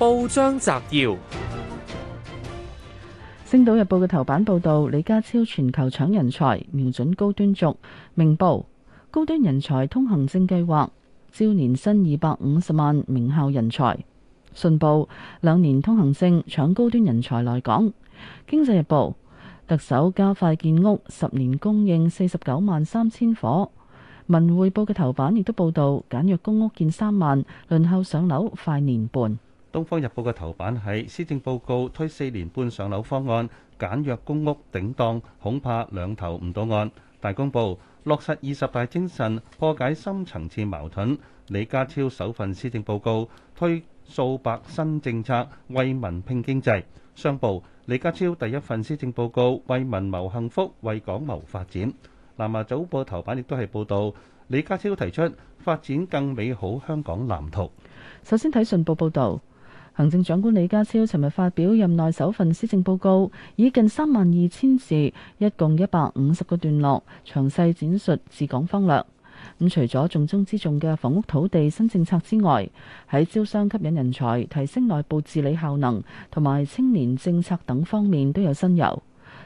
報章摘要：《星島日報》嘅頭版報道，李家超全球搶人才，瞄準高端族。《明報》高端人才通行證計劃招年薪二百五十萬名校人才。《信報》兩年通行證搶高端人才來港。《經濟日報》特首加快建屋，十年供應四十九萬三千伙。《文匯報》嘅頭版亦都報道，簡約公屋建三萬，輪候上樓快年半。《東方日報》嘅頭版係施政報告推四年半上樓方案，簡約公屋頂檔恐怕兩頭唔到岸。大公報，落實二十大精神，破解深層次矛盾。李家超首份施政報告推數百新政策，為民拼經濟。商報，李家超第一份施政報告為民謀幸福，為港謀發展。南華早報，頭版亦都係報導李家超提出發展更美好香港藍圖。首先睇信報報導。行政長官李家超尋日發表任內首份施政報告，以近三萬二千字，一共一百五十個段落，詳細展述治港方略。咁、嗯、除咗重中之重嘅房屋土地新政策之外，喺招商、吸引人才、提升內部治理效能同埋青年政策等方面都有新猷。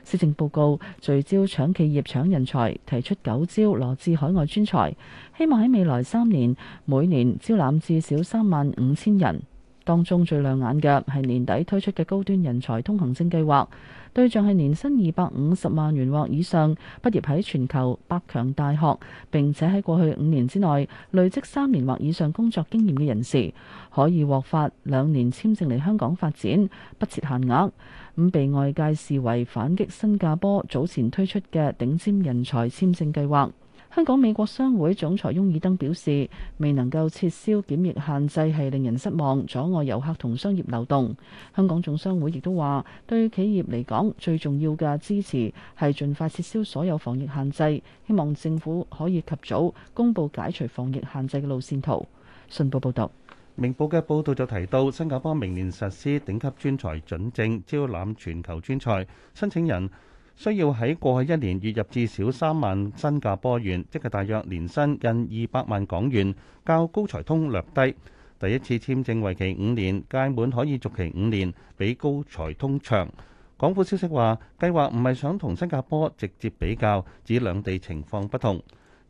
施政報告聚焦搶企業、搶人才，提出九招羅致海外專才，希望喺未來三年每年招攬至少三萬五千人。當中最亮眼嘅係年底推出嘅高端人才通行證計劃，對象係年薪二百五十萬元或以上、畢業喺全球百強大學，並且喺過去五年之內累積三年或以上工作經驗嘅人士，可以獲發兩年簽證嚟香港發展，不設限額。咁被外界視為反擊新加坡早前推出嘅頂尖人才簽證計劃。香港美國商會總裁翁爾登表示，未能夠撤銷檢疫限制係令人失望，阻礙遊客同商業流動。香港總商會亦都話，對於企業嚟講最重要嘅支持係盡快撤銷所有防疫限制，希望政府可以及早公布解除防疫限制嘅路線圖。信報報導，明報嘅報導就提到，新加坡明年實施頂級專才準證，招攬全球專才，申請人。需要喺過去一年月入至少三萬新加坡元，即係大約年薪近二百萬港元，較高才通略低。第一次簽證為期五年，屆滿可以續期五年，比高才通長。港府消息話，計劃唔係想同新加坡直接比較，指兩地情況不同。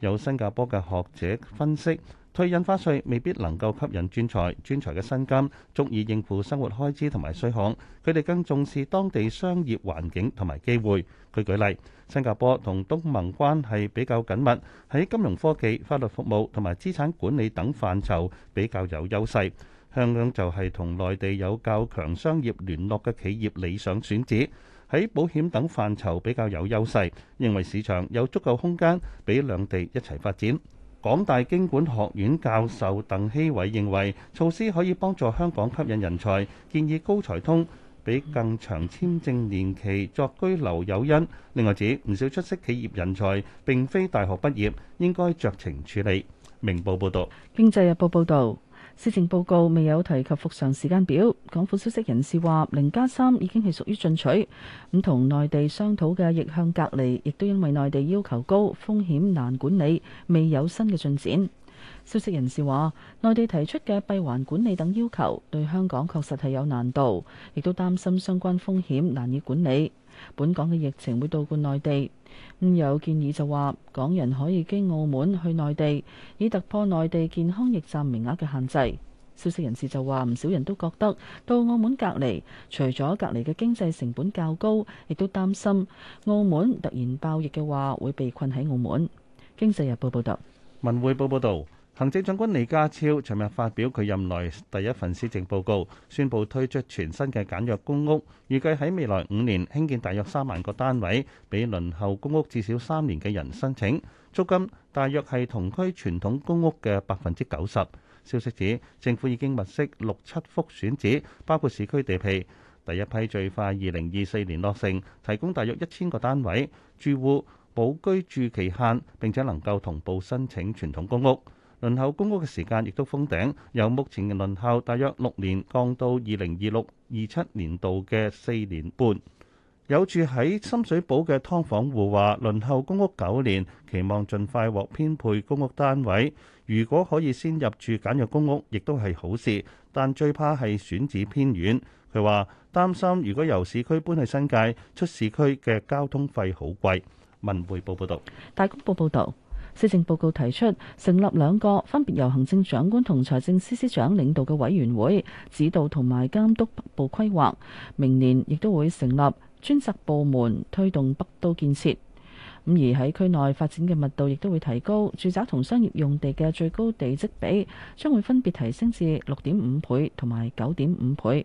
有新加坡嘅學者分析，退印花稅未必能夠吸引專才，專才嘅薪金足以應付生活開支同埋稅項。佢哋更重視當地商業環境同埋機會。佢舉例，新加坡同東盟關係比較緊密，喺金融科技、法律服務同埋資產管理等範疇比較有優勢。香港就係同內地有較強商業聯絡嘅企業理想選址，喺保險等範疇比較有優勢，認為市場有足夠空間俾兩地一齊發展。港大經管學院教授鄧希偉認為，措施可以幫助香港吸引人才，建議高才通俾更長簽證年期作居留有因。另外指，唔少出色企業人才並非大學畢業，應該酌情處理。明報報道。《經濟日報》報道。施政報告未有提及復常時間表。港府消息人士話，零加三已經係屬於進取。咁同內地商討嘅逆向隔離，亦都因為內地要求高、風險難管理，未有新嘅進展。消息人士話，內地提出嘅閉環管理等要求，對香港確實係有難度，亦都擔心相關風險難以管理。本港嘅疫情會倒灌內地，咁有建議就話，港人可以經澳門去內地，以突破內地健康驛站名額嘅限制。消息人士就話，唔少人都覺得到澳門隔離，除咗隔離嘅經濟成本較高，亦都擔心澳門突然爆疫嘅話，會被困喺澳門。經濟日報報道。文匯報報導。行政長官李家超尋日發表佢任內第一份施政報告，宣布推出全新嘅簡約公屋，預計喺未來五年興建大約三萬個單位，俾輪候公屋至少三年嘅人申請，租金大約係同區傳統公屋嘅百分之九十。消息指政府已經物色六七幅選址，包括市區地皮，第一批最快二零二四年落成，提供大約一千個單位，住戶保居住期限並且能夠同步申請傳統公屋。輪候公屋嘅時間亦都封頂，由目前嘅輪候大約六年降到二零二六、二七年度嘅四年半。有住喺深水埗嘅劏房戶話：輪候公屋九年，期望盡快獲編配公屋單位。如果可以先入住簡約公屋，亦都係好事。但最怕係選址偏遠。佢話擔心如果由市區搬去新界，出市區嘅交通費好貴。文匯報報導，大公報報導。施政報告提出，成立兩個分別由行政長官同財政司司長領導嘅委員會，指導同埋監督北部規劃。明年亦都會成立專責部門，推動北都建設。咁而喺區內發展嘅密度亦都會提高，住宅同商業用地嘅最高地積比將會分別提升至六點五倍同埋九點五倍。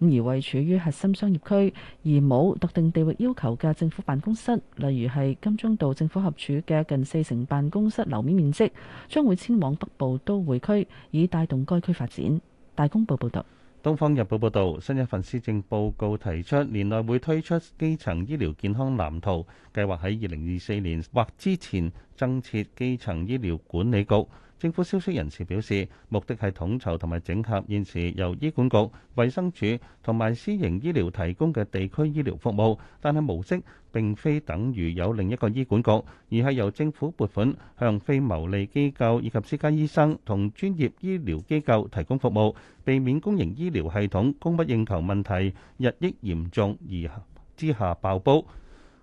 咁而位處於核心商業區而冇特定地域要求嘅政府辦公室，例如係金鐘道政府合署嘅近四成辦公室樓面面積，將會遷往北部都會區，以帶動該區發展。大公報報道。《東方日報》報導，新一份施政報告提出，年內會推出基層醫療健康藍圖，計劃喺二零二四年或之前增設基層醫療管理局。政府消息人士表示，目的係統籌同埋整合現時由醫管局、衛生署同埋私營醫療提供嘅地區醫療服務，但係模式並非等於有另一個醫管局，而係由政府撥款向非牟利機構以及私家醫生同專業醫療機構提供服務，避免公營醫療系統供不應求問題日益嚴重而之下爆煲。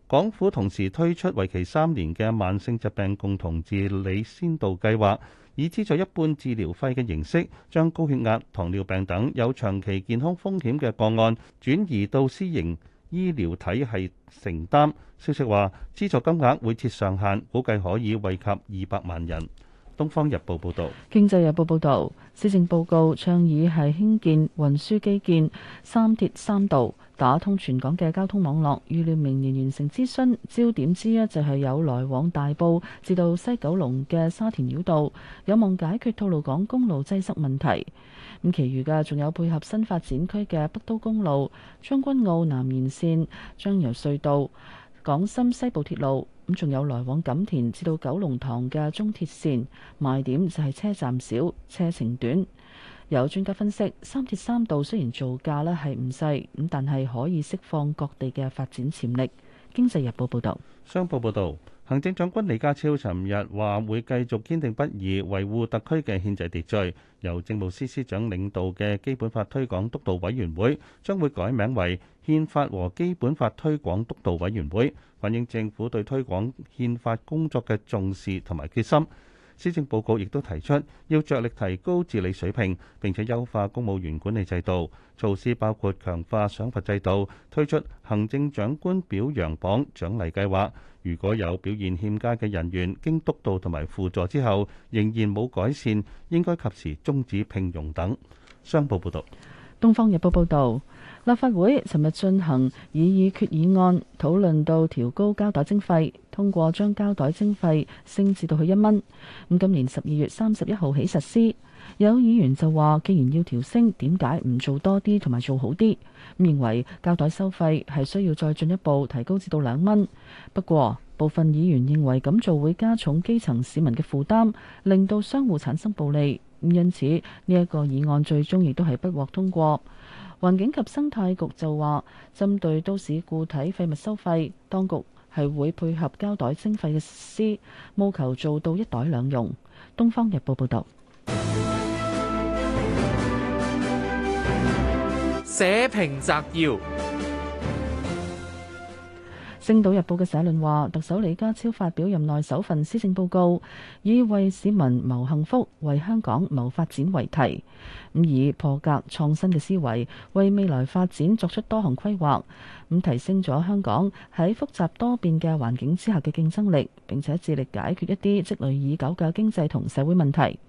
港府同時推出為期三年嘅慢性疾病共同治理先導計劃。以資助一半治療費嘅形式，將高血壓、糖尿病等有長期健康風險嘅個案轉移到私營醫療體系承擔。消息話，資助金額會設上限，估計可以惠及二百萬人。《東方日報，報道》報導，《經濟日報》報導，施政報告倡議係興建運輸基建，三鐵三道打通全港嘅交通網絡。預料明年完成諮詢，焦點之一就係有來往大埔至到西九龍嘅沙田繞道，有望解決吐露港公路擠塞問題。咁，其餘嘅仲有配合新發展區嘅北都公路、將軍澳南延線、將油隧道、港深西部鐵路。咁仲有來往錦田至到九龍塘嘅中鐵線，賣點就係車站少、車程短。有專家分析，三鐵三道雖然造價呢係唔細，咁但係可以釋放各地嘅發展潛力。經濟日報報道，商報報道，行政長官李家超尋日話會繼續堅定不移維護特區嘅憲制秩序。由政務司司長領導嘅基本法推廣督導委員會將會改名為。憲法和基本法推廣督導委員會，反映政府對推廣憲法工作嘅重視同埋決心。施政報告亦都提出要着力提高治理水平，並且優化公務員管理制度。措施包括強化賞罰制度，推出行政長官表揚榜獎勵計劃。如果有表現欠佳嘅人員經督導同埋輔助之後仍然冇改善，應該及時終止聘用等。商報報道，《東方日報》報道。立法會尋日進行議議決議案，討論到調高膠袋徵費，通過將膠袋徵費升至到去一蚊。咁今年十二月三十一號起實施。有議員就話：既然要調升，點解唔做多啲同埋做好啲？咁認為膠袋收費係需要再進一步提高至到兩蚊。不過部分議員認為咁做會加重基層市民嘅負擔，令到商戶產生暴利。因此呢一個議案最終亦都係不獲通過。環境及生態局就話，針對都市固體廢物收費，當局係會配合膠袋徵費嘅實施，務求做到一袋兩用。東方日報報道。社評摘要。《星島日報》嘅社論話，特首李家超發表任內首份施政報告，以為市民謀幸福、為香港謀發展為題，咁以破格創新嘅思維為未來發展作出多項規劃，咁提升咗香港喺複雜多變嘅環境之下嘅競爭力，並且致力解決一啲積累已久嘅經濟同社會問題。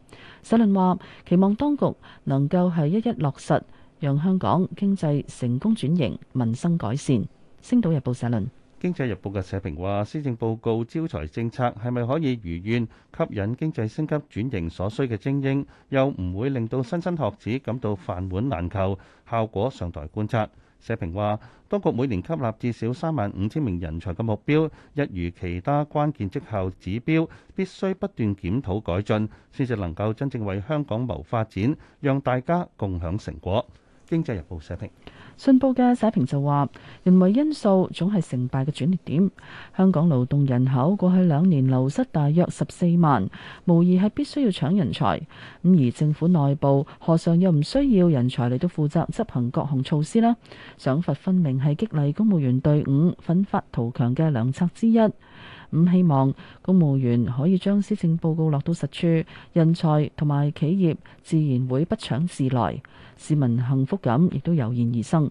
社論話，期望當局能夠係一一一落實，讓香港經濟成功轉型，民生改善。《星島日報》社論。《經濟日報》嘅社評話：施政報告招才政策係咪可以如願吸引經濟升級轉型所需嘅精英，又唔會令到新生學子感到飯碗難求？效果尚待觀察。社評話：當局每年吸納至少三萬五千名人才嘅目標，一如其他關鍵績效指標，必須不斷檢討改進，先至能夠真正為香港謀發展，讓大家共享成果。《經濟日報》社評。信報嘅社評就話：人為因素總係成敗嘅轉捩點。香港勞動人口過去兩年流失大約十四萬，無疑係必須要搶人才。咁而政府內部何嘗又唔需要人才嚟到負責執行各項措施啦？賞罰分明係激勵公務員隊伍奮發圖強嘅良策之一。咁希望公務員可以將施政報告落到實處，人才同埋企業自然會不請自來，市民幸福感亦都油然而生。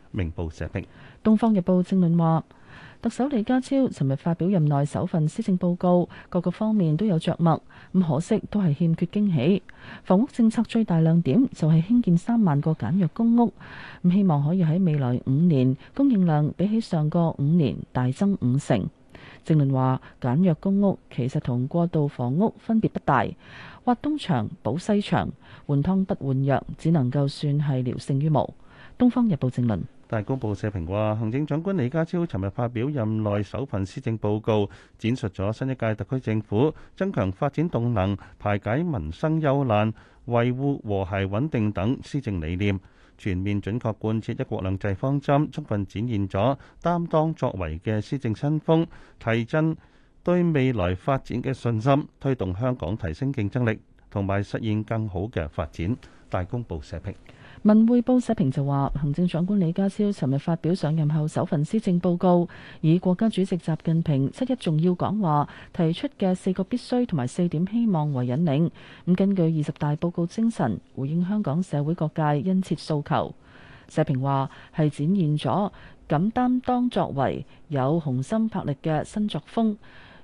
明報社評，《東方日報》正論話，特首李家超尋日發表任內首份施政報告，各個方面都有着墨。咁可惜都係欠缺驚喜。房屋政策最大亮點就係興建三萬個簡約公屋。咁希望可以喺未來五年供應量比起上個五年大增五成。正論話，簡約公屋其實同過渡房屋分別不大，挖東牆補西牆，換湯不換藥，只能夠算係聊勝於無。《東方日報》正論。大公報社評話，行政長官李家超尋日發表任內首份施政報告，展述咗新一屆特區政府增強發展動能、排解民生憂難、維護和諧穩定等施政理念，全面準確貫徹一國兩制方針，充分展現咗擔當作為嘅施政新風，提振對未來發展嘅信心，推動香港提升競爭力，同埋實現更好嘅發展。大公報社評。文匯報社評就話，行政長官李家超尋日發表上任後首份施政報告，以國家主席習近平七一重要講話提出嘅四個必須同埋四點希望為引領，咁根據二十大報告精神回應香港社會各界殷切訴求。社評話，係展現咗敢擔當作為、有雄心魄力嘅新作風，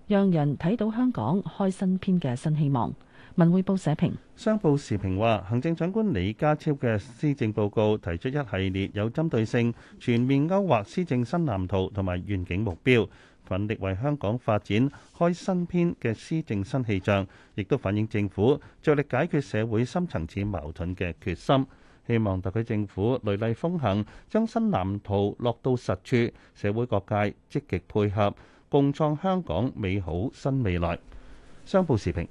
讓人睇到香港開新篇嘅新希望。文匯報社評，商報時評話，行政長官李家超嘅施政報告提出一系列有針對性、全面勾畫施政新藍圖同埋願景目標，奮力為香港發展開新篇嘅施政新氣象，亦都反映政府着力解決社會深層次矛盾嘅決心。希望特區政府雷厲風行，將新藍圖落到實處，社會各界積極配合，共創香港美好新未來。商報時評。